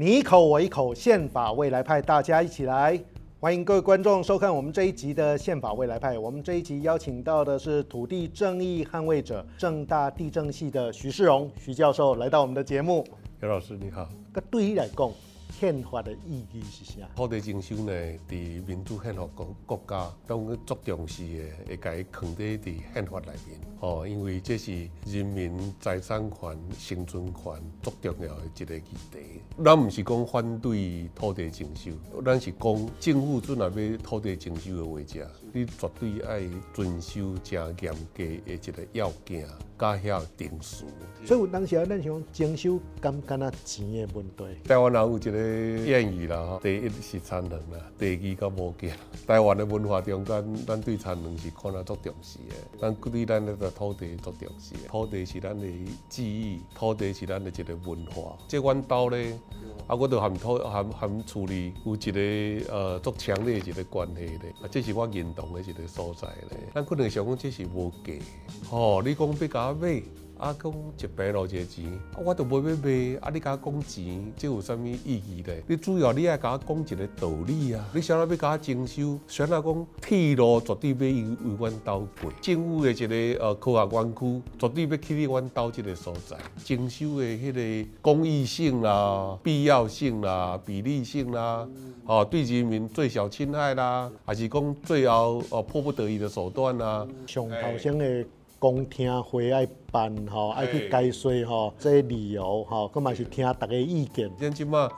你一口我一口，憲法未來派，大家一起來！歡迎各位觀眾收看我們這一集的憲法未來派。我們這一集邀請到的是土地正義捍衛者、政大地政系的徐世榮徐教授來到我們的節目。劉老師你好。個堆來講。憲法的意義是啥？土地徵收呢，佇民主憲法國國家，當個足重視的會解肯定佇憲法內面。哦，因為這是人民財產權、生存權足重要的一個議題。咱不是講反對土地徵收，咱是講政府陣內邊土地徵收的話，只你絕對要遵守正嚴格的一個要件，加曉定數。對所以當時咱想徵收，剛剛那錢的問題。台灣老夫即個。諺語啦，第一是產能啦，第二較無價。台灣的文化中間，咱對產能是看得足重視的，咱對咱這個土地足重視的，土地是咱的記憶，土地是咱的，的一個文化。這阮島呢，嗯、啊，我都含土含含處理有一個呃足強烈的一個關係的，啊，這是我認同的一個所在呢。咱可能想講這是無價，吼、哦，你講比較未？啊，講一偌濟錢，我都無欲賣，阿你講錢，即有什麼意義咧？你主要你係講講一個道理啊！你想啦，要搞徵收，雖然講鐵路絕對對阮兜過，政府的一個呃科學園區絕對要去到阮兜這個所在。徵收的嗰個公益性啦、必要性啦、比例性啦，哦、嗯啊，對人民最小侵害啦，對 還是講最後哦、呃、迫不得已的手段啦、啊，上頭先的。欸公聽會愛辦吼，愛去解說吼，即個理由吼，閣嘛是聽大家意見。現即馬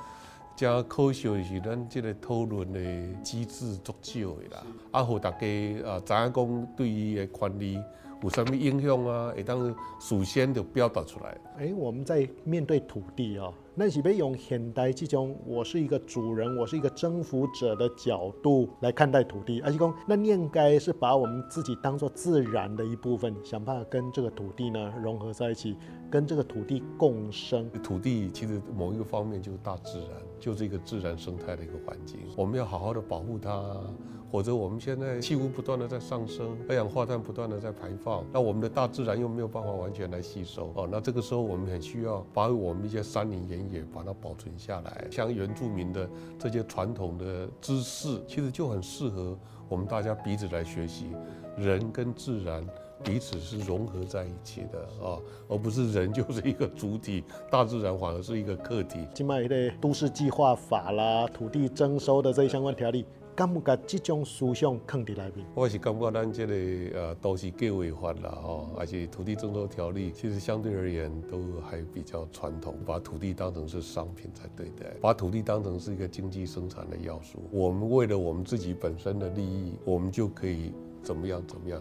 一個可笑是咱即個討論的機制足少啦，啊，互大家呃，知影講對伊個權利？有什麼英雄啊？也當首先就表達出來。誒、欸，我們在面對土地啊、哦，那是被用現代這種我是一個主人，我是一個征服者的角度來看待土地。阿西公，那應該是把我們自己當做自然的一部分，想辦法跟這個土地呢融合在一起，跟這個土地共生。土地其實某一個方面就是大自然。就是一個自然生態的一個環境，我們要好好的保護它。或者我們現在氣溫不斷的在上升，二氧化碳不斷的在排放，那我們的大自然又沒有辦法完全來吸收哦。那這個時候我們很需要把我們一些山林原野把它保存下來，像原住民的這些傳統的知識，其實就很適合我們大家彼此來學習，人跟自然彼此是融合在一起的啊、哦，而不是人就是一個主體，大自然反而是一個客體。今麥的都市計劃法啦，土地徵收的這些相關條例，乾、嗯、不乾這種思想放佇內面？我是感覺咱這個呃都市計劃法啦，吼、哦，還是土地徵收條例，其實相對而言都還比較傳統，把土地當成是商品在對待，把土地當成是一個經濟生產的要素。我們為了我們自己本身的利益，我們就可以怎麼樣怎麼樣。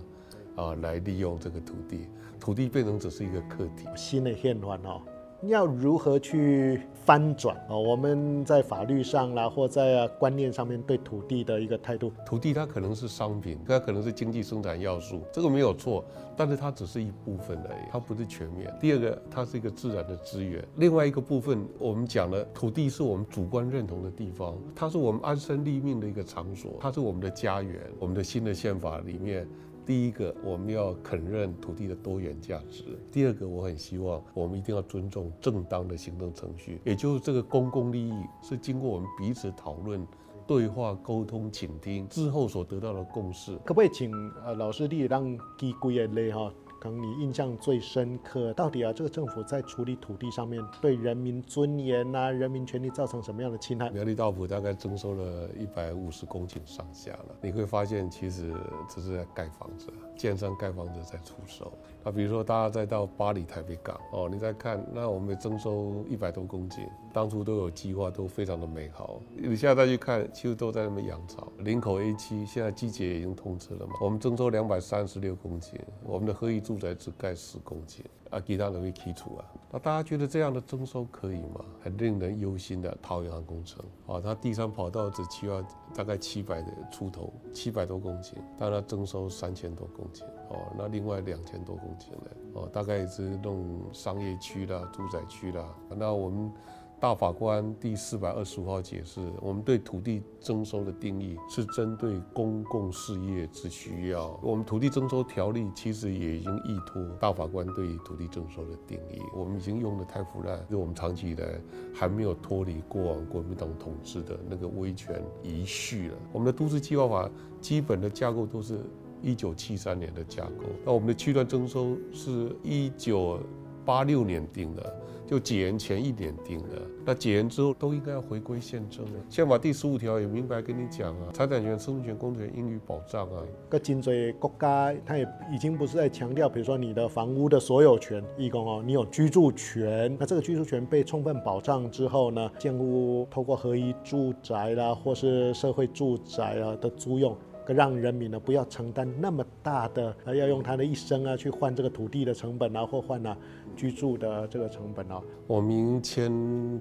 啊，來利用這個土地，土地變成只是一個客體。新的憲法哦，要如何去翻轉啊、喔？我們在法律上啦，或在觀念上面對土地的一個態度，土地它可能是商品，它可能是經濟生產要素，這個沒有錯，但是它只是一部分而已。它不是全面。第二個，它是一個自然的資源。另外一個部分，我們講了，土地是我們主觀認同的地方，它是我們安身立命的一個場所，它是我們的家園。我們的新的憲法裡面。第一個，我們要肯認土地的多元價值。第二個，我很希望我們一定要尊重正當的行政程序，也就是這個公共利益是經過我們彼此討論、對話、溝通、傾聽之後所得到的共識。可不可以請呃老師弟讓機關來哈？跟你印象最深刻，到底啊，這個政府在處理土地上面對人民尊嚴吶、啊、人民權利造成什麼樣的侵害？苗栗大埔大概徵收了一百五十公頃上下了，你會發現其實只是在蓋房子，建商蓋房子在出售。那比如說，大家再到八裡台北港哦，你再看，那我們徵收一百多公頃，當初都有計劃，都非常的美好。你現在再去看，其實都在那邊養草。林口 A 7現在機捷已經通車了嘛，我們徵收兩百三十六公頃，我們的合宜住宅只蓋十公頃，啊，其他人會剔除啊。那大家覺得這樣的徵收可以嗎？很令人憂心的桃園工程啊、哦，它第三跑道只需要大概七百的出頭，七百多公頃，但它徵收三千多公頃。哦，那另外兩千多公頃呢？哦，大概也是弄商業區啦、住宅區啦。那我們大法官第四百二十五號解釋，我們對土地徵收的定義是針對公共事業之需要。我們土地徵收條例其實也已經依托大法官對土地徵收的定義，我們已經用得太腐爛，因為我們長期以來還沒有脫離過往國民黨統治的那個威權遺緒了。我們的都市計劃法基本的架構都是。一九七三年的架構，那我們的區段徵收是一九八六年定的，就解嚴前一年定的。那解嚴之後都應該要回歸憲政了。憲法第十五條也明白跟你講啊，財產權、生命權、工作權應予保障啊。很多國家它也已經不是在強調，比如說你的房屋的所有權、義工哦，你有居住權。那這個居住權被充分保障之後呢，建屋，透過合宜住宅啦，或是社會住宅啊的租用。讓人民呢不要承擔那麼大的，要用他的一生啊去換這個土地的成本啊，或換啊居住的這個成本啊。我們簽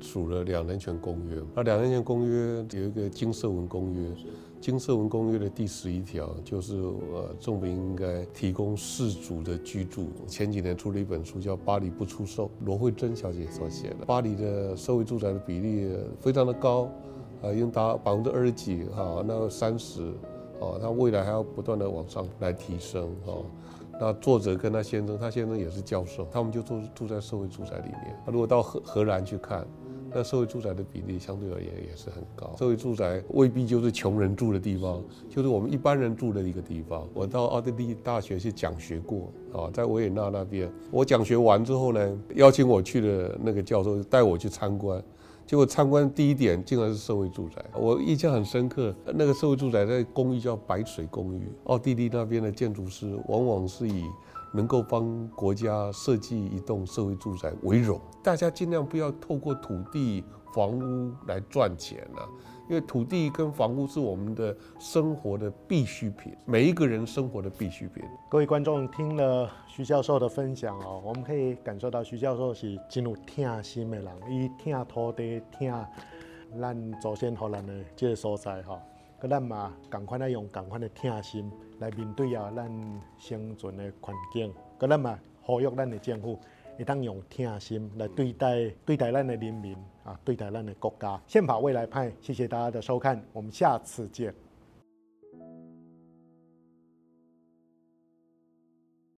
署了《兩人權公約》，啊，《兩人權公約》有一個《經社文公約》，《經社文公約》的第十一條就是呃，政府應該提供適足的居住。前幾年出了一本書，叫《巴黎不出售》，羅惠珍小姐所寫的。巴黎的社會住宅的比例非常的高啊應達，啊，已達百分之二十幾哈，那三十。哦，他未來還要不斷地往上來提升哦。那作者跟他先生，他先生也是教授，他們就住住在社會住宅裡面。如果到荷荷蘭去看，那社會住宅的比例相對而言也是很高。社會住宅未必就是窮人住的地方，就是我們一般人住的一個地方。我到奧地利大學去講學過啊，哦，在維也納那邊，我講學完之後呢，邀請我去的那個教授帶我去參觀。結果參觀第一點竟然是社會住宅，我印象很深刻。那個社會住宅的公寓叫白水公寓，奧地利那邊的建築師往往是以能夠幫國家設計一棟社會住宅為榮，大家盡量不要透過土地、房屋來賺錢了啊，因為土地跟房屋是我們的生活的必需品，每一個人生活的必需品。各位觀眾聽了徐教授的分享哦，我們可以感受到徐教授是真入痛心的人，伊痛土地，痛咱祖先給咱的這個所在哈。閣咱嘛，同款用同款的痛心來面對啊，咱生存的環境。閣咱嘛呼籲咱的政府會當用痛心來對待對待咱的人民啊，對待咱的國家。憲法未來派，謝謝大家的收看，我們下次見。